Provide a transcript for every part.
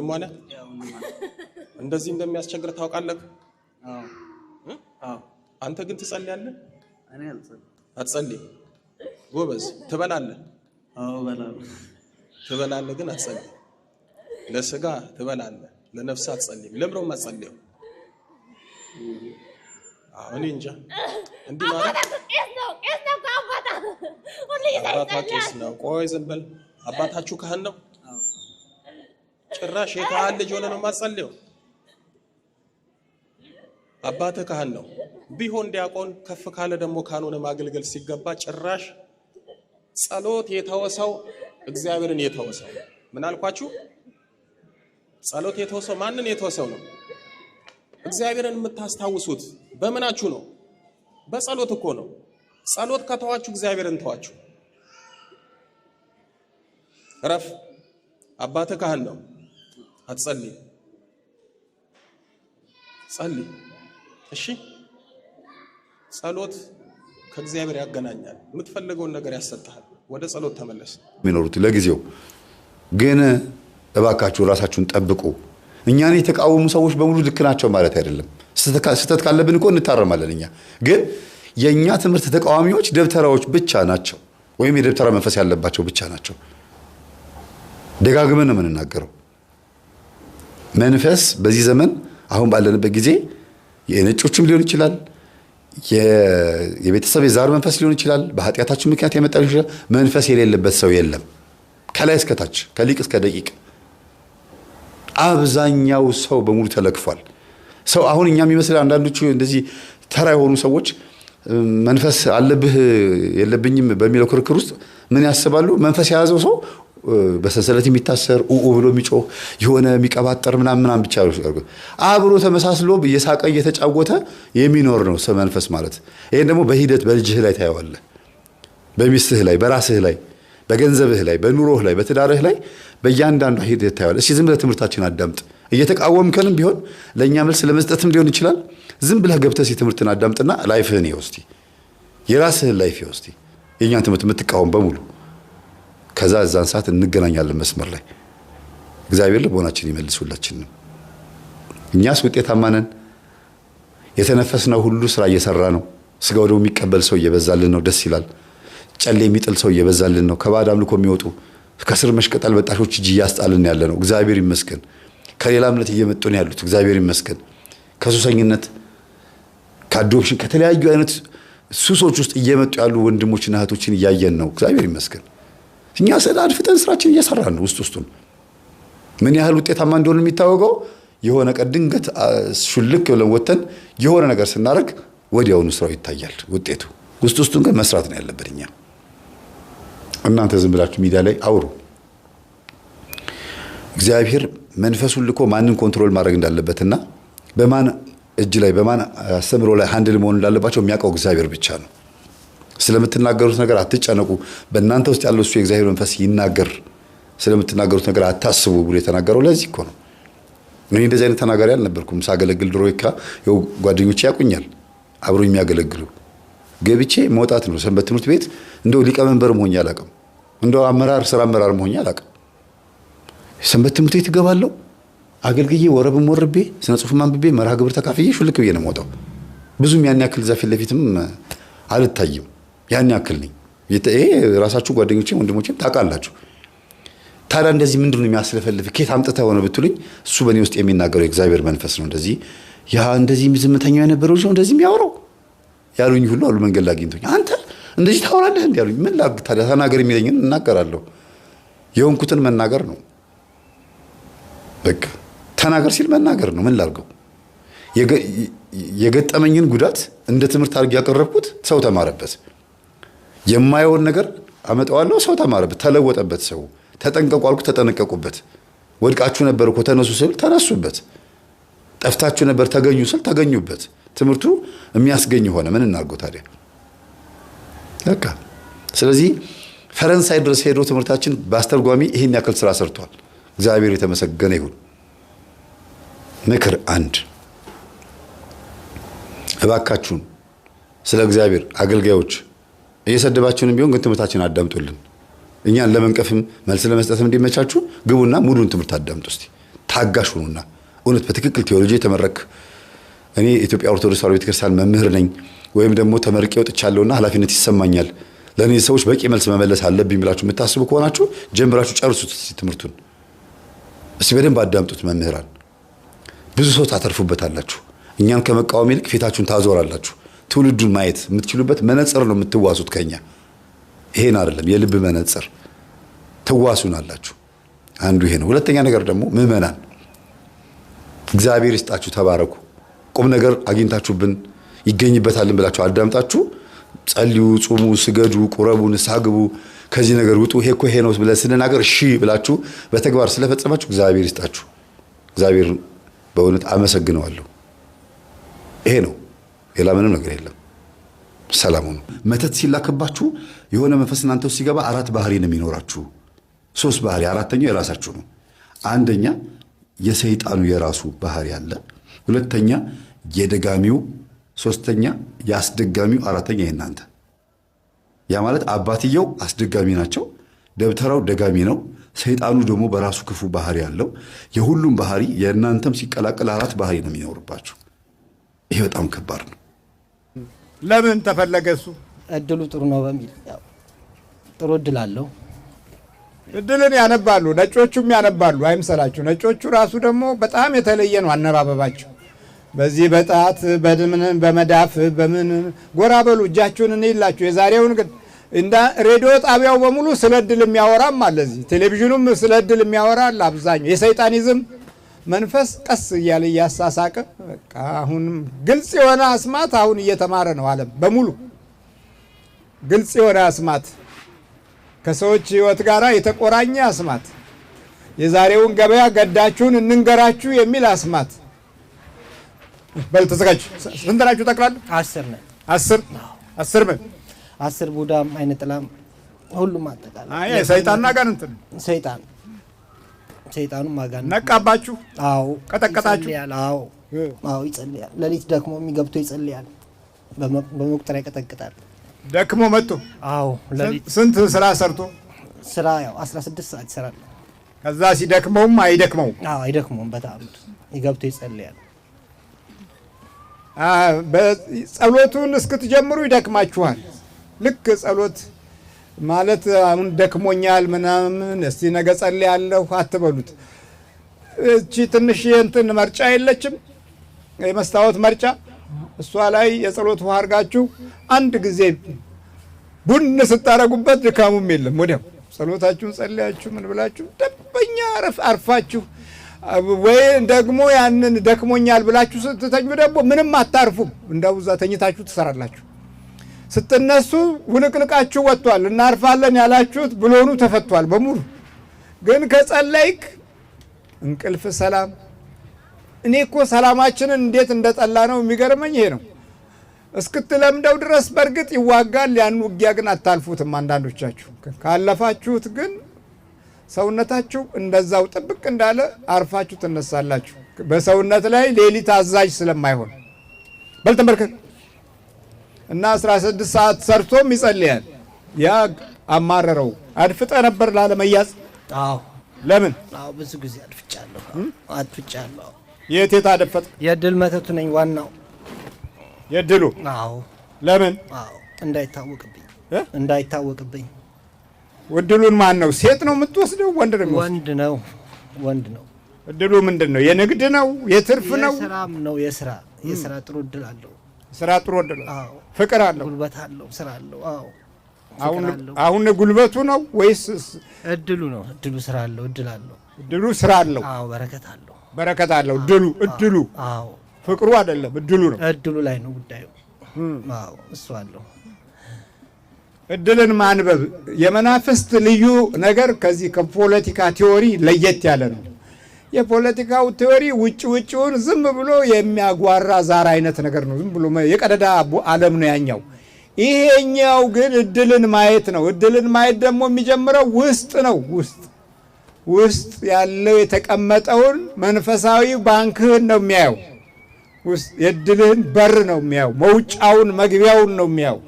ወንድም ሆነ እንደዚህ እንደሚያስቸግር ታውቃለህ። አንተ ግን ትጸልያለህ? አትጸልይም? ጎበዝ ትበላለህ? ትበላለህ ግን አትጸልይም። ለስጋ ትበላለህ፣ ለነፍስ አትጸልይም። ለምረው አትጸልይም። አሁን እንጃ እንዲህ ማለት ነው። ቄስ ነው። ቆይ ዝም በል አባታችሁ ካህን ነው ጭራሽ የካህን ልጅ ሆነ ነው የማጸልየው። አባተ ካህን ነው ቢሆን ዲያቆን፣ ከፍ ካለ ደግሞ ካህኑን ማገልገል ሲገባ ጭራሽ ጸሎት የተወሰው እግዚአብሔርን የተወሰው ምን አልኳችሁ? ጸሎት የተወሰው ማንን የተወሰው ነው? እግዚአብሔርን የምታስታውሱት በምናችሁ ነው? በጸሎት እኮ ነው። ጸሎት ከተዋችሁ እግዚአብሔርን ተዋችሁ። ረፍ አባተ ካህን ነው። አትጸልይ። ጸልይ። እሺ፣ ጸሎት ከእግዚአብሔር ያገናኛል። የምትፈልገውን ነገር ያሰጥሃል። ወደ ጸሎት ተመለስ። የሚኖሩት ለጊዜው ግን እባካችሁ ራሳችሁን ጠብቁ። እኛን የተቃወሙ ሰዎች በሙሉ ልክ ናቸው ማለት አይደለም። ስህተት ካለብን እኮ እንታረማለን። እኛ ግን የእኛ ትምህርት ተቃዋሚዎች ደብተራዎች ብቻ ናቸው፣ ወይም የደብተራ መንፈስ ያለባቸው ብቻ ናቸው። ደጋግመን ነው የምንናገረው። መንፈስ በዚህ ዘመን አሁን ባለንበት ጊዜ የነጮችም ሊሆን ይችላል የቤተሰብ የዛር መንፈስ ሊሆን ይችላል። በኃጢአታችን ምክንያት የመጣ ሊሆን ይችላል። መንፈስ የሌለበት ሰው የለም። ከላይ እስከታች ከሊቅ እስከ ደቂቅ አብዛኛው ሰው በሙሉ ተለክፏል። ሰው አሁን እኛ የሚመስል አንዳንዶቹ እንደዚህ ተራ የሆኑ ሰዎች መንፈስ አለብህ የለብኝም በሚለው ክርክር ውስጥ ምን ያስባሉ? መንፈስ የያዘው ሰው በሰንሰለት የሚታሰር ኡኡ ብሎ የሚጮህ የሆነ የሚቀባጠር ምናምን ምናምን ብቻ አብሮ ተመሳስሎ እየሳቀ እየተጫወተ የሚኖር ነው መንፈስ ማለት። ይህን ደግሞ በሂደት በልጅህ ላይ ታየዋለህ፣ በሚስትህ ላይ፣ በራስህ ላይ፣ በገንዘብህ ላይ፣ በኑሮህ ላይ፣ በትዳርህ ላይ በእያንዳንዱ ሂደት ታየዋለህ። እስኪ ዝም ብለህ ትምህርታችን አዳምጥ። እየተቃወምከንም ቢሆን ለእኛ መልስ ለመስጠትም ሊሆን ይችላል። ዝም ብለህ ገብተህ እስኪ ትምህርትን አዳምጥና ላይፍህን ይኸው እስኪ የራስህን ላይፍ ይኸው እስኪ የእኛን ትምህርት የምትቃወም በሙሉ ከዛ እዛን ሰዓት እንገናኛለን መስመር ላይ። እግዚአብሔር ልቦናችን ይመልስ ሁላችንም። እኛስ ውጤታማ ነን። የተነፈስነው ሁሉ ስራ እየሰራ ነው። ስጋ ወደሙ የሚቀበል ሰው እየበዛልን ነው። ደስ ይላል። ጨሌ የሚጥል ሰው እየበዛልን ነው። ከባዕድ አምልኮ የሚወጡ ከስር መሽቀጣል በጣሾች እጅ እያስጣልን ያለ ነው። እግዚአብሔር ይመስገን። ከሌላ እምነት እየመጡ ነው ያሉት። እግዚአብሔር ይመስገን። ከሱሰኝነት ከአዶፕሽን ከተለያዩ አይነት ሱሶች ውስጥ እየመጡ ያሉ ወንድሞችና እህቶችን እያየን ነው። እግዚአብሔር ይመስገን። እኛ ስለ አድፍጠን ስራችን እየሰራን ነው። ውስጥ ውስጡን ምን ያህል ውጤታማ እንደሆነ የሚታወቀው የሆነ ቀን ድንገት ሹልክ ብለን ወተን የሆነ ነገር ስናደርግ ወዲያውኑ ስራው ይታያል ውጤቱ። ውስጥ ውስጡን ግን መስራት ነው ያለብን እኛ እናንተ ዝም ብላችሁ ሚዲያ ላይ አውሩ። እግዚአብሔር መንፈሱን ልኮ ማንን ኮንትሮል ማድረግ እንዳለበትና በማን እጅ ላይ በማን አስተምሮ ላይ ሀንድል መሆን እንዳለባቸው የሚያውቀው እግዚአብሔር ብቻ ነው። ስለምትናገሩት ነገር አትጨነቁ፣ በእናንተ ውስጥ ያለው እሱ የእግዚአብሔር መንፈስ ይናገር፣ ስለምትናገሩት ነገር አታስቡ ብሎ የተናገረው ለዚህ እኮ ነው። እኔ እንደዚህ አይነት ተናጋሪ አልነበርኩም። ሳገለግል ድሮ ካ ጓደኞቼ ያቁኛል፣ አብሮ የሚያገለግሉ ገብቼ መውጣት ነው። ሰንበት ትምህርት ቤት እንደው ሊቀመንበር መሆኝ አላቅም፣ እንደው አመራር ስራ አመራር መሆኝ አላቅም። ሰንበት ትምህርት ቤት እገባለሁ አገልግዬ ወረብም ወርቤ ስነ ጽሁፍ አንብቤ መርሃ ግብር ተካፍዬ ሹልክ ብዬ ነው መውጣው ብዙም ያን ያክል እዛ ፊት ለፊትም አልታይም። ያን ያክል ነኝ። ይሄ ራሳችሁ ጓደኞቼ ወንድሞቼም ታውቃላችሁ። ታዲያ እንደዚህ ምንድን ነው የሚያስለፈልፍ ኬት አምጥተ ሆነ ብትሉኝ፣ እሱ በእኔ ውስጥ የሚናገረው የእግዚአብሔር መንፈስ ነው። እንደዚህ ያ እንደዚህ ዝምተኛው የነበረው ልጅ ነው እንደዚህ የሚያወራው ያሉኝ ሁሉ አሉ። መንገድ ላይ አግኝቶኝ አንተ እንደዚህ ታወራለህ እንዲ ያሉኝ፣ ምን ላድርግ ታዲያ ተናገር የሚለኝን እናገራለሁ። የሆንኩትን መናገር ነው። በቃ ተናገር ሲል መናገር ነው። ምን ላርገው? የገጠመኝን ጉዳት እንደ ትምህርት አድርጌ ያቀረብኩት ሰው ተማረበት። የማየውን ነገር አመጣዋለሁ። ሰው ተማረበት፣ ተለወጠበት። ሰው ተጠንቀቁ አልኩ፣ ተጠነቀቁበት። ወድቃችሁ ነበር እኮ ተነሱ ስል ተነሱበት። ጠፍታችሁ ነበር ተገኙ ስል ተገኙበት። ትምህርቱ የሚያስገኝ ሆነ። ምን እናድርገው ታዲያ? በቃ ስለዚህ ፈረንሳይ ድረስ ሄዶ ትምህርታችን በአስተርጓሚ ይህን ያክል ስራ ሰርቷል። እግዚአብሔር የተመሰገነ ይሁን። ምክር አንድ፣ እባካችሁን ስለ እግዚአብሔር አገልጋዮች እየሰደባችሁንም ቢሆን ግን ትምህርታችን አዳምጡልን። እኛን ለመንቀፍም መልስ ለመስጠትም እንዲመቻችሁ ግቡና ሙሉን ትምህርት አዳምጡ። እስቲ ታጋሽ ሁኑና እውነት በትክክል ቴዎሎጂ የተመረክ እኔ የኢትዮጵያ ኦርቶዶክስ ተዋህዶ ቤተክርስቲያን መምህር ነኝ ወይም ደግሞ ተመርቄ ወጥቻለሁና ኃላፊነት ይሰማኛል ለእኔ ሰዎች በቂ መልስ መመለስ አለብኝ ብላችሁ የምታስቡ ከሆናችሁ ጀምራችሁ ጨርሱት። ትምህርቱን እስቲ በደንብ አዳምጡት። መምህራን ብዙ ሰው ታተርፉበታላችሁ። እኛን ከመቃወም ይልቅ ፊታችሁን ታዞራላችሁ። ትውልዱን ማየት የምትችሉበት መነጽር ነው የምትዋሱት። ከኛ ይሄን አይደለም፣ የልብ መነጽር ትዋሱን አላችሁ። አንዱ ይሄ ነው። ሁለተኛ ነገር ደግሞ ምዕመናን እግዚአብሔር ይስጣችሁ፣ ተባረኩ። ቁም ነገር አግኝታችሁብን ይገኝበታልን ብላችሁ አዳምጣችሁ ጸልዩ፣ ጹሙ፣ ስገዱ፣ ቁረቡ፣ ንስሐ ግቡ፣ ከዚህ ነገር ውጡ። ይሄ እኮ ይሄ ነው ብለን ስንናገር እሺ ብላችሁ በተግባር ስለፈጸማችሁ እግዚአብሔር ይስጣችሁ። እግዚአብሔር በእውነት አመሰግነዋለሁ። ይሄ ነው። ሌላ ምንም ነገር የለም። ሰላሙ ነው። መተት ሲላክባችሁ የሆነ መንፈስ እናንተ ውስጥ ሲገባ አራት ባህሪ ነው የሚኖራችሁ። ሶስት ባህሪ፣ አራተኛው የራሳችሁ ነው። አንደኛ የሰይጣኑ የራሱ ባህሪ አለ። ሁለተኛ የደጋሚው፣ ሶስተኛ የአስደጋሚው፣ አራተኛ የእናንተ። ያ ማለት አባትየው አስደጋሚ ናቸው፣ ደብተራው ደጋሚ ነው። ሰይጣኑ ደግሞ በራሱ ክፉ ባህሪ አለው። የሁሉም ባህሪ የእናንተም ሲቀላቀል አራት ባህሪ ነው የሚኖርባችሁ። ይሄ በጣም ከባድ ነው። ለምን ተፈለገ? እሱ እድሉ ጥሩ ነው በሚል ጥሩ እድል አለው። እድልን ያነባሉ፣ ነጮቹም ያነባሉ፣ አይምሰላችሁ። ነጮቹ ራሱ ደግሞ በጣም የተለየ ነው አነባበባቸው። በዚህ በጣት በምን በመዳፍ በምን ጎራ በሉ እጃችሁን እኔ ይላችሁ። የዛሬውን ግን እንዳ ሬዲዮ ጣቢያው በሙሉ ስለ እድል የሚያወራም አለ፣ እዚህ ቴሌቪዥኑም ስለ እድል የሚያወራ አለ። አብዛኛው የሰይጣኒዝም መንፈስ ቀስ እያለ እያሳሳቀ በቃ አሁን ግልጽ የሆነ አስማት አሁን እየተማረ ነው ዓለም በሙሉ ግልጽ የሆነ አስማት ከሰዎች ሕይወት ጋር የተቆራኘ አስማት የዛሬውን ገበያ ገዳችሁን እንንገራችሁ የሚል አስማት በል ተዘጋጅ። ስንት ናችሁ ጠቅላላ? አስር ነን። አስር አስር ምን አስር ቡዳም አይነጥላም ሁሉም አጠቃላይ ሰይጣንና ጋር እንትን ሰይጣን ሰይጣኑ ማጋ ነቃባችሁ? አዎ። ቀጠቀጣችሁ? አዎ። አዎ፣ ይጸልያል። ለሊት ደክሞ የሚገብቶ ይጸልያል። በመቁጠሪያ ይቀጠቅጣል። ደክሞ መጥቶ? አዎ። ስንት ስራ ሰርቶ? ስራ ያው 16 ሰዓት ይሰራል። ከዛ ሲደክመውም አይደክመው? አዎ፣ አይደክመውም። በጣም ይገብቶ ይጸልያል። ጸሎቱን እስክትጀምሩ ይደክማችኋል። ልክ ጸሎት ማለት አሁን ደክሞኛል ምናምን እስቲ ነገ ጸልያለሁ አትበሉት። እቺ ትንሽ እንትን መርጫ የለችም፣ የመስታወት መርጫ እሷ ላይ የጸሎት ውሃ አድርጋችሁ አንድ ጊዜ ቡን ስታረጉበት ድካሙም የለም። ወዲያው ጸሎታችሁን ጸልያችሁ ምን ብላችሁ ደበኛ አርፋችሁ ወይ ደግሞ ያንን ደክሞኛል ብላችሁ ስትተኙ ደግሞ ምንም አታርፉም። እንዳው እዛ ተኝታችሁ ትሰራላችሁ። ስትነሱ ውልቅልቃችሁ ወጥቷል። እናርፋለን ያላችሁት ብሎኑ ተፈቷል በሙሉ። ግን ከጸለይክ እንቅልፍ ሰላም። እኔ እኮ ሰላማችንን እንዴት እንደጠላ ነው የሚገርመኝ ይሄ ነው። እስክትለምደው ድረስ በእርግጥ ይዋጋል። ያን ውጊያ ግን አታልፉትም። አንዳንዶቻችሁ ካለፋችሁት ግን ሰውነታችሁ እንደዛው ጥብቅ እንዳለ አርፋችሁ ትነሳላችሁ። በሰውነት ላይ ሌሊት አዛዥ ስለማይሆን በል እና 16 ሰዓት ሰርቶም ይጸልያል። ያ አማረረው። አድፍጠ ነበር ላለመያዝ? አዎ። ለምን? አዎ፣ ብዙ ጊዜ አድፍጫለሁ። አድፍጫለሁ። የት የት አደፈጥ? የድል መተቱ ነኝ ዋናው። የድሉ? አዎ። ለምን? አዎ፣ እንዳይታወቅብኝ እንዳይታወቅብኝ። እድሉን ማን ነው? ሴት ነው የምትወስደው? ወንድ ነው? ወንድ ነው። ወንድ ነው። እድሉ ምንድን ነው? የንግድ ነው? የትርፍ ነው? የስራም ነው። የስራ የስራ ጥሩ እድል አለው ስራ ጥሩ ወንድ ነው። ፍቅር አለው፣ ጉልበት አለው፣ ስራ አለው። አዎ አሁን ጉልበቱ ነው ወይስ እድሉ ነው? እድሉ ስራ አለው፣ እድል አለው፣ እድሉ ስራ አለው። አዎ በረከት አለው፣ በረከት አለው። እድሉ እድሉ አዎ ፍቅሩ አይደለም እድሉ ነው። እድሉ ላይ ነው ጉዳዩ። አዎ እሱ አለው። እድልን ማንበብ የመናፍስት ልዩ ነገር ከዚህ ከፖለቲካ ቲዎሪ ለየት ያለ ነው። የፖለቲካው ቴዎሪ ውጭ ውጭውን ዝም ብሎ የሚያጓራ ዛር አይነት ነገር ነው። ዝም ብሎ የቀደዳ ዓለም ነው ያኛው። ይሄኛው ግን እድልን ማየት ነው። እድልን ማየት ደግሞ የሚጀምረው ውስጥ ነው። ውስጥ ውስጥ ያለው የተቀመጠውን መንፈሳዊ ባንክህን ነው የሚያየው። የእድልህን በር ነው የሚያየው። መውጫውን መግቢያውን ነው የሚያየው።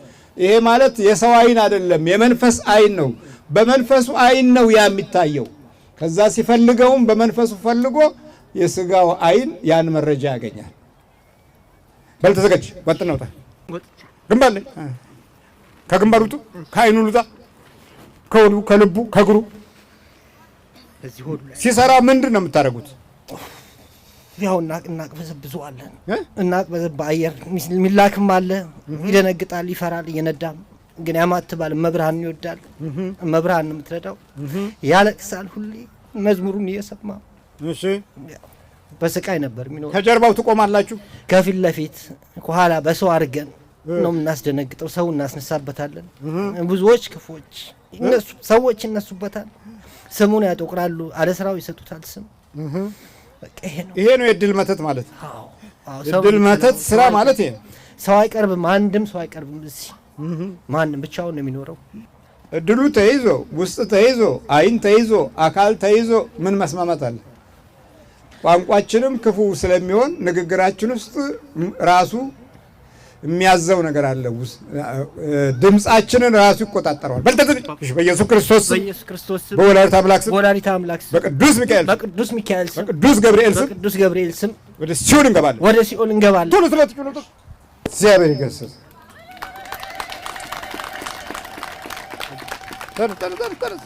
ይሄ ማለት የሰው አይን አይደለም፣ የመንፈስ አይን ነው። በመንፈሱ አይን ነው ያ የሚታየው። ከዛ ሲፈልገውም በመንፈሱ ፈልጎ የስጋው አይን ያን መረጃ ያገኛል። በል ተዘጋጅ፣ ወጥና ግንባር ላይ ከግንባር ውጡ፣ ከአይኑ ውጣ፣ ከወዱ፣ ከልቡ፣ ከእግሩ ሲሰራ ምንድን ነው የምታደርጉት? ያው እናቅ እናቅበዘብ አየር ሚላክም አለ፣ ይደነግጣል፣ ይፈራል፣ እየነዳም ግን ያማትባል። መብርሃን ይወዳል። መብርሃን ነው የምትረዳው። ያለቅሳል ሁሌ መዝሙሩን እየሰማ እሺ። በስቃይ ነበር የሚኖር። ከጀርባው ትቆማላችሁ። ከፊት ለፊት ከኋላ በሰው አድርገን ነው የምናስደነግጠው። ሰው እናስነሳበታለን። ብዙዎች ክፎች ሰዎች ይነሱበታል። ስሙን ያጠቁራሉ። አለ ስራው ይሰጡታል ስም። ይሄ ነው የድል መተት ማለት። ድል መተት ስራ ማለት ይሄ ነው። ሰው አይቀርብም። አንድም ሰው አይቀርብም እዚህ ማንም ብቻውን ነው የሚኖረው። እድሉ ተይዞ ውስጥ ተይዞ አይን ተይዞ አካል ተይዞ ምን መስማማት አለ? ቋንቋችንም ክፉ ስለሚሆን ንግግራችን ውስጥ ራሱ የሚያዘው ነገር አለ። ድምፃችንን ራሱ ይቆጣጠረዋል። በልተትን በኢየሱስ ክርስቶስ ስም በወላዲተ አምላክ ስም በቅዱስ ሚካኤል በቅዱስ ሚካኤል ስም በቅዱስ ገብርኤል ስም ወደ ሲኦል እንገባለን። ወደ ሲኦል እንገባለን። ቶሎ ቶሎ እግዚአብሔር ይገስጽ። Tarız tarız tarız tarız.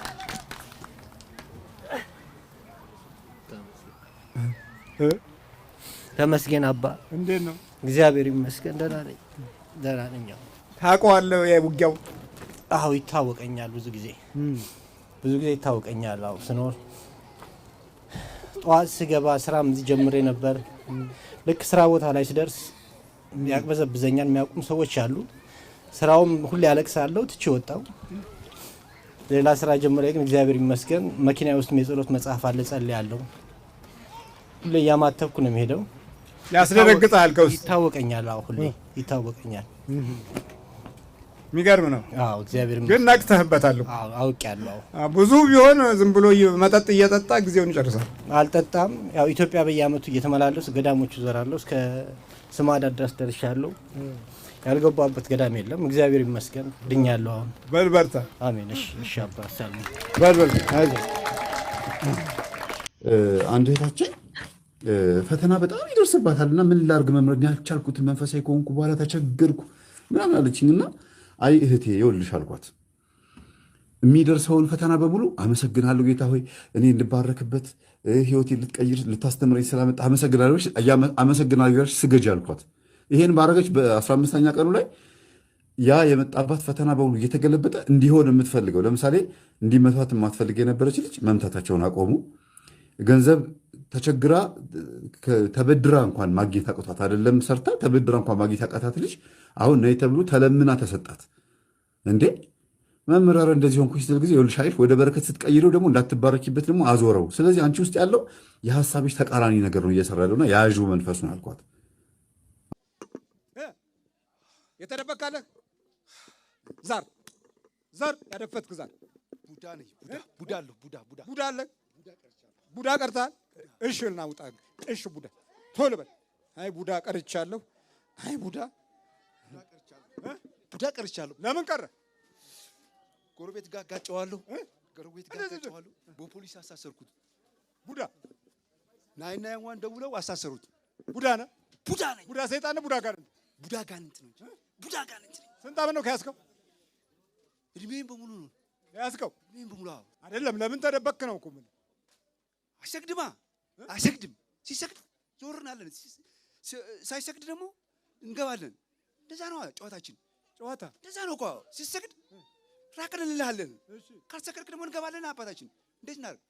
ተመስገን አባ እንዴት ነው? እግዚአብሔር ይመስገን ደህና ነኝ፣ ደህና ነኝ። ታውቀዋለህ የውጊያው? አዎ ይታወቀኛል። ብዙ ጊዜ ብዙ ጊዜ ይታወቀኛል። አዎ ስኖር ጠዋት ስገባ ስራም እዚህ ጀምሬ ነበር። ልክ ስራ ቦታ ላይ ስደርስ ያቅበዘብዘኛል። የሚያውቁም ሰዎች አሉ። ስራውም ሁሌ ያለቅሳለሁ። ትቼ ወጣሁ። ሌላ ስራ ጀምሬ ግን እግዚአብሔር ይመስገን መኪና ውስጥ የጸሎት መጽሐፍ አለ፣ ጸልያለሁ። ሁሌ እያማተብኩ ነው የሚሄደው። ያስደነግጣል። ከውስጥ ይታወቀኛል። አዎ ሁሌ ይታወቀኛል። የሚገርም ነው። አዎ እግዚአብሔር ይመስገን። ግን ነቅተህበታል። አዎ አውቄያለሁ። አዎ ብዙ ቢሆን ዝም ብሎ መጠጥ እየጠጣ ጊዜውን ይጨርሳል። አልጠጣም። ያው ኢትዮጵያ በየአመቱ እየተመላለሱ ገዳሞቹ ዘራለሁ። እስከ ስማዳ ድረስ ደርሻለሁ። ያልገባበት ገዳም የለም። እግዚአብሔር ይመስገን ድኛለሁ። አሁን በልበርታ አሜን። እሺ አባ ሳልም በልበርታ አንድ እህታችን ፈተና በጣም ይደርስባታል እና ምን ላርግ መምረድ ያልቻልኩትን መንፈሳዊ ከሆንኩ በኋላ ተቸገርኩ ምናምን አለችኝ እና አይ እህቴ ይኸውልሽ አልኳት የሚደርሰውን ፈተና በሙሉ አመሰግናለሁ ጌታ ሆይ እኔ እንድባረክበት ህይወቴ ልትቀይር ልታስተምረኝ ስላመጣ አመሰግናለሁ፣ አመሰግናለሁ ስገጅ አልኳት። ይሄን ባረገች በ15ኛ ቀኑ ላይ ያ የመጣባት ፈተና በሙሉ እየተገለበጠ እንዲሆን የምትፈልገው ለምሳሌ እንዲመቷት የማትፈልግ የነበረች ልጅ መምታታቸውን አቆሙ። ገንዘብ ተቸግራ ተበድራ እንኳን ማግኘት አቅቷት አይደለም ሰርታ ተበድራ እንኳን ማግኘት አቃታት ልጅ አሁን ነይ ተብሎ ተለምና ተሰጣት። እንዴ መምራረ እንደዚህ ሆንኩ ሲል ጊዜ ይኸውልሽ አይሽ ወደ በረከት ስትቀይረው ደግሞ እንዳትባረኪበት ደግሞ አዞረው። ስለዚህ አንቺ ውስጥ ያለው የሀሳብሽ ተቃራኒ ነገር ነው እየሰራ ያለውና የያዥ መንፈሱን አልኳት። የተደበካለህ ዛር ዘር ያደፈትክ ዛር ቡዳ ነኝ። ቡዳ አለሁ። ቡዳ ቡዳ ቡዳ አለ። ቡዳ ቀርታል። እሺ ልናውጣ። እሺ ቡዳ ቶሎ በል። አይ ቡዳ ቀርቻለሁ። አይ ቡዳ ቡዳ ቀርቻለሁ። ለምን ቀረ? ጎረቤት ጋር ጋጨዋለሁ። ጎረቤት ጋር ጋጨዋለሁ። በፖሊስ አሳሰርኩት። ቡዳ ናይ ናይ ያንዋን ደውለው አሳሰሩት። ቡዳ ነህ። ቡዳ ነኝ። ቡዳ ሰይጣን፣ ነው። ቡዳ ጋር ቡዳ ጋንት ነው ቡዳ ጋር ነኝ። ስንት ዓመት ነው ከያዝከው? እድሜን በሙሉ ነው ከያዝከው? እድሜን በሙሉ አይደለም ለምን ተደበክ ነው እኮ ምን አሰግድማ አሰግድም። ሲሰግድ ዞር እናለን፣ ሳይሰግድ ደግሞ እንገባለን። እንደዛ ነው ጨዋታችን። ጨዋታ እንደዛ ነው እኮ ሲሰግድ ራቅን እንልሃለን። ካልሰገድክ ደግሞ እንገባለን። አባታችን እንዴት እናደርግ?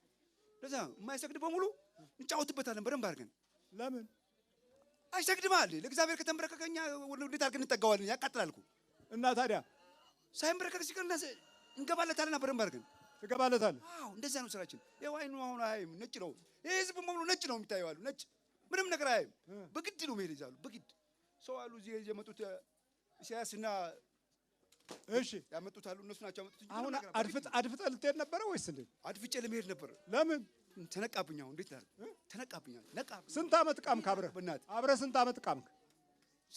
እንደዛ የማይሰግድ በሙሉ እንጫወትበታለን በደንብ አድርገን ለምን አሸግድማል ለእግዚአብሔር ከተንበረከከ እኛ እንዴት አድርገን እንጠጋዋለን? ያቃጥላል እኮ እና ታዲያ ሳይንበረከክ ሲቀር እንገባለታለን እና በደንብ አድርገን ትገባለታል። እንደዚያ ነው ስራችን። ይኸው አሁን አያይም፣ ነጭ ነው። ይህ ህዝብ በሙሉ ነጭ ነው የሚታየው አሉ። ነጭ ምንም ነገር አያይም። በግድ ነው መሄድ ይዛሉ። በግድ ሰው አሉ እዚህ የመጡት ኢሳያስ እሺ ያመጡት አሉ። እነሱ ናቸው ያመጡት። አሁን አድፍጠህ ልትሄድ ነበረ ወይስ እንዴት? አድፍጬ ለመሄድ ነበረ። ለምን ተነቃብኛው እንዴት ላድርግ? ተነቃብኛው ነቃ። ስንት ዓመት ቃምክ? አብረህ በእናትህ አብረህ ስንት ዓመት ቃምክ?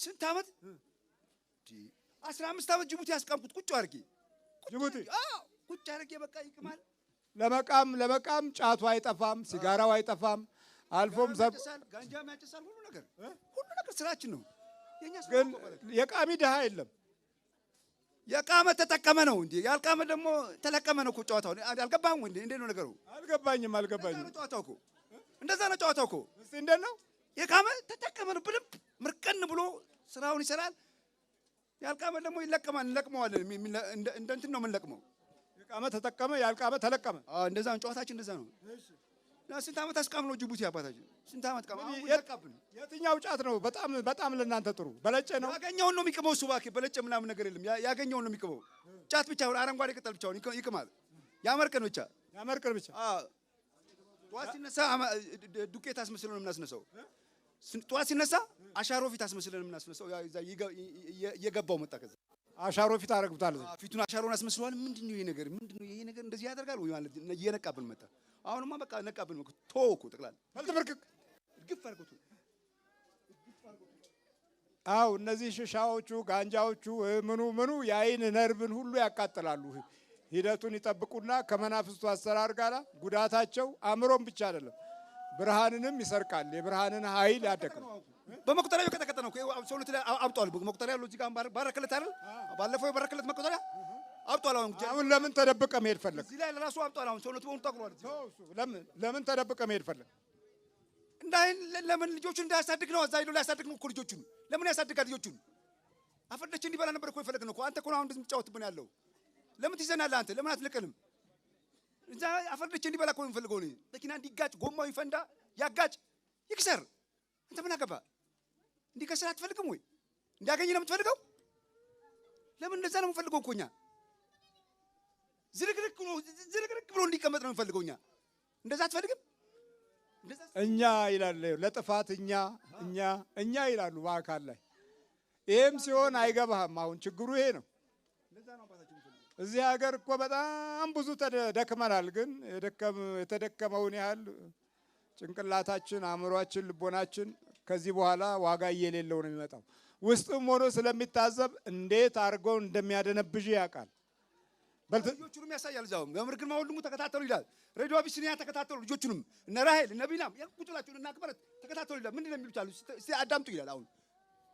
ስንት ዓመት? አስራ 15 ዓመት ጅቡቲ ያስቃምኩት ቁጭ አድርጌ ጅቡቲ ቁጭ አድርጌ በቃ ይቅማል። ለመቃም ለመቃም ጫቱ አይጠፋም፣ ሲጋራው አይጠፋም። አልፎም ዘብ ጋንጃ ያጨሳል። ሁሉ ነገር ሁሉ ነገር ስራችን ነው። ግን የቃሚ ድሃ የለም። የቃመ ተጠቀመ ነው እንጂ ያልቃመ ደግሞ ተለቀመ ነው እኮ ጨዋታው። አልገባህም እንዴ? እንዴ ነው ነገሩ? አልገባኝም፣ አልገባኝም። ጨዋታው እኮ እንደዛ ነው። ጨዋታው እኮ እስቲ እንዴ ነው? የቃመ ተጠቀመ ነው። በደምብ ምርቀን ብሎ ስራውን ይሰራል። ያልቃመ ደግሞ ይለቀማል፣ እንለቅመዋለን። እንደ እንትን ነው የምንለቅመው። የቃመ ተጠቀመ፣ ያልቃመ ተለቀመ። አዎ፣ እንደዛ ነው ጨዋታችን፣ እንደዛ ነው። ስንት ዓመት አስቃምነው ጅቡቲ አባታችን ስንት ዓመት ቀምነው። የትኛው ጫት ነው በጣም በጣም ለእናንተ ጥሩ? በለጨ ነው ያገኘውን ነው የሚቅመው። እሱ እባክህ በለጨ ምናምን ነገር የለም። ያገኘውን ነው የሚቅመው። ጫት ብቻ አረንጓዴ ቅጠል ብቻ አሁን ይቅማል። ያመርቅን ብቻ ያመርቅን ብቻ። ጠዋት ሲነሳ ዱቄት አስመስለን ነው የምናስነሳው። ጠዋት ሲነሳ አሻሮ ፊት አስመስለን ነው የምናስነሳው። እየገባው መጣ ከዛ አሻሮ ፊት አረግብታል። ፊቱን አሻሮን አስመስለዋል። ምንድን ነው ይሄ ነገር? ምንድን ነው ይሄ ነገር? እንደዚህ ያደርጋል ወይ ማለት እየነቃብን መጣ አሁንማ በቃ ነቃብን። ቶኩ ጠቅላላ አልተበርክክ እርግፍ አድርጎት አው እነዚህ ሽሻዎቹ ጋንጃዎቹ ምኑ ምኑ የአይን ነርቭን ሁሉ ያቃጥላሉ። ሂደቱን ይጠብቁና ከመናፍስቱ አሰራር ጋራ ጉዳታቸው አእምሮም ብቻ አይደለም ብርሃንንም ይሰርቃል። የብርሃንን ኃይል ያደቅም በመቁጠሪያ የቀጠቀጠ ነው። ሰውነት ላይ አብጧል። መቁጠሪያ ያለው እዚህ ጋር ባረከለት አይደል? ባለፈው የባረከለት መቁጠሪያ አምጧል። አሁን አሁን ለምን ተደብቀ መሄድ ፈለግ? እዚህ ላይ ለራሱ አሁን ሰውነቱ በሙሉ ለምን ለምን ተደብቀ መሄድ ፈለግ? እንዳይን ለምን ልጆቹን እንዳያሳድግ ነው። እዛ ሄዶ ሊያሳድግ ነው እኮ ልጆቹን። ለምን ያሳድጋል ልጆቹን? አፈርደች እንዲበላ ነበር እኮ የፈለግ ነው እኮ አንተ እኮ አሁን እንደዚህ የምትጫወትብን ያለው ለምን ትይዘናለህ አንተ? ለምን አትልቅንም? እዛ አፈርደች እንዲበላ እኮ የምፈልገው መኪና እንዲጋጭ ጎማው ይፈንዳ፣ ያጋጭ፣ ይክሰር። አንተ ምን አገባ? እንዲከሰር አትፈልግም ወይ? እንዲያገኝ ነው የምትፈልገው? ለምን እንደዛ ነው የምፈልገው እኮ እኛ ዝርግርግ ብሎ ዝርግርግ ብሎ እንዲቀመጥ ነው የምንፈልገው። እኛ እንደዛ አትፈልግም። እኛ ይላል ለጥፋት እኛ እኛ እኛ ይላሉ በአካል ላይ ይህም ሲሆን አይገባህም። አሁን ችግሩ ይሄ ነው። እዚህ ሀገር እኮ በጣም ብዙ ተደክመናል። ግን የተደከመውን ያህል ጭንቅላታችን፣ አእምሯችን፣ ልቦናችን ከዚህ በኋላ ዋጋ እየሌለው ነው የሚመጣው። ውስጥም ሆኖ ስለሚታዘብ እንዴት አድርጎ እንደሚያደነብዥ ያውቃል። ልጆቹንም ያሳያል። እዛው መምህር ሁሉም ተከታተሉ ይላል። ሬዲዮ አቢሲኒያ ተከታተሉ ልጆቹንም እነ ራሄል እነ ቢናም ያቁጥላችሁ እና አክበረት ተከታተሉ ይላል። ምንድን ነው የሚሉት አሉ እስቲ አዳምጡ ይላል። አሁን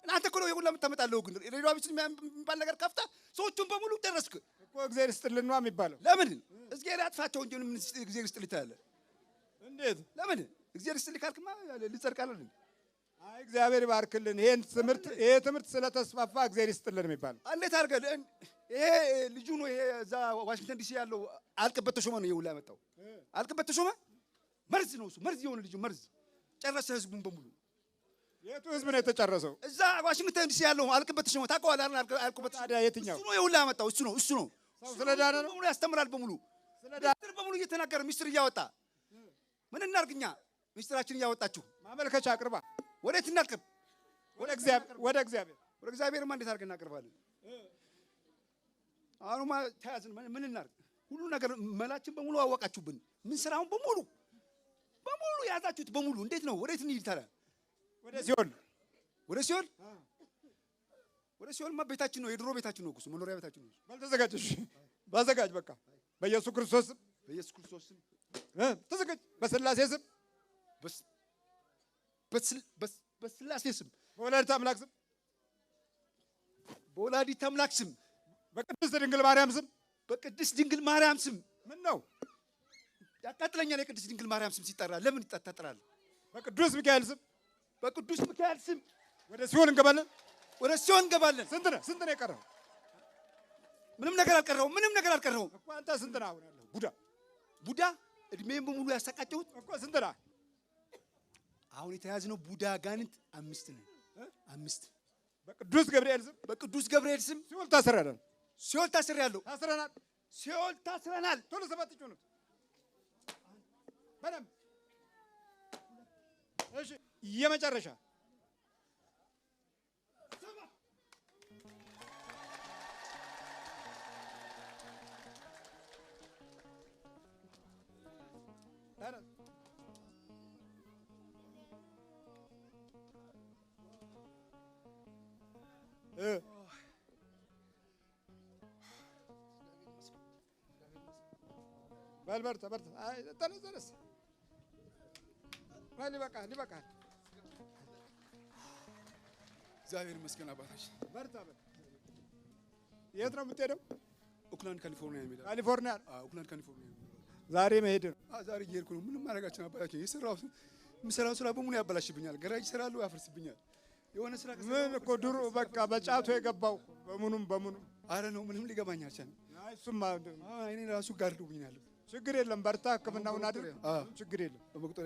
እናንተ እኮ ነው የሁላ የምታመጣለው፣ ግን ሬዲዮ አቢሲኒያ የሚባል ነገር ከፍታ ሰዎቹን በሙሉ ደረስክ እኮ እግዚአብሔር ይስጥልን ነው የሚባለው። ለምን እግዚአብሔር ያጥፋቸው እንጂ ምን እግዚአብሔር ይስጥልህ ትላለህ? እንዴት ለምን እግዚአብሔር ይስጥልህ ካልክማ ልጸድቃለህ እግዚአብሔር ይባርክልን። ይሄን ትምህርት ይሄ ትምህርት ስለተስፋፋ እግዚአብሔር ይስጥልን የሚባል እንዴት አድርገን ይሄ ልጁ ነው። ይሄ እዛ ዋሽንግተን ዲሲ ያለው አልቅበት ተሾመ ነው ይውላ ያመጣው። አልቅበት ተሾመ መርዝ ነው እሱ መርዝ የሆነ ልጁ መርዝ ጨረሰ ህዝቡን በሙሉ። የቱ ህዝብ ነው የተጨረሰው? እዛ ዋሽንግተን ዲሲ ያለው አልቅበት ተሾመ ታውቀዋለህ? አልቅበት ታዲያ የትኛው እሱ ነው ይውላ ያመጣው። እሱ ነው እሱ ነው ስለዳነ ነው ያስተምራል በሙሉ ስለዳነ በሙሉ እየተናገረ ሚስጥር እያወጣ ምን እናርግኛ? ሚስጥራችን እያወጣችሁ ማመልከቻ አቅርባ ወዴት እናቅርብ? ወደ እግዚአብሔር ወደ እግዚአብሔር ወደ እግዚአብሔርማ እንዴት አድርገን እናቅርባለን? አሁንማ ተያዝን። ምን እናድርግ? ሁሉ ነገር መላችን በሙሉ አወቃችሁብን። ምን ስራውን በሙሉ በሙሉ ያዛችሁት በሙሉ እንዴት ነው? ወዴት እንሂድ ታዲያ? ወደ ሲኦል ወደ ሲኦል ወደ ሲኦልማ ቤታችን ነው። የድሮ ቤታችን ነው። እሱ መኖሪያ ቤታችን ነው። ባልተዘጋጀሽ ባዘጋጅ በቃ በኢየሱስ ክርስቶስ በኢየሱስ ክርስቶስ ስም ተዘጋጅ። በስላሴ ስም በስላሴ ስም በወላዲት አምላክ ስም በወላዲተ አምላክ ስም በቅድስት ድንግል ማርያም ስም በቅድስት ድንግል ማርያም ስም ምን ነው ያቃጥለኛል። የቅድስት ድንግል ማርያም ስም ሲጠራ ለምን ይጣጣጥራል? በቅዱስ ሚካኤል ስም በቅዱስ ሚካኤል ስም ወደ ሲሆን እንገባለን፣ ወደ ሲሆን እንገባለን። ስንት ነህ? ስንት ነህ የቀረው? ምንም ነገር አልቀረውም። ምንም ነገር አልቀረውም እኮ አንተ ስንት ነህ አሁን ያለው? ቡዳ ቡዳ እድሜን በሙሉ ያሰቃጨሁት እኮ ስንት ነህ? አሁን የተያዝነው ቡዳ ጋንት አምስት ነን። አምስት በቅዱስ ገብርኤል ስም በቅዱስ ገብርኤል ስም ሲኦል ታስረናል። ሲኦል ታስሬያለሁ። ታስረናል። ሲኦል ታስረናል። ቶሎ ሰባት ጩ ነው። እሺ። የመጨረሻ ተነስ በል በርታ በርታ። ተነስ ተነስ። ይበቃል ይበቃል። እግዚአብሔር ይመስገን አባታችን። በርታ በል። የት ነው የምትሄደው? ኦክላንድ ካሊፎርኒያ የሚለው ካሊፎርኒያ። ኦክላንድ ካሊፎርኒያ ዛሬ መሄድ ነው። ዛሬ እየሄድኩ ነው። ምንም ማድረጋችን አባታችን። የሰራሁት የምሰራው ስራ በሙሉ ያበላሽብኛል። ገራጅ ይሰራሉ፣ ያፈርስብኛል ምን እኮ ድሮ በቃ በጫቱ የገባው በምኑም በምኑም። አረ ነው ምንም ሊገባኝ አልቻለም። እሱማ እኔ ራሱ ጋር ችግር የለም በርታ፣ ሕክምናውን አድርግ፣ ችግር የለም።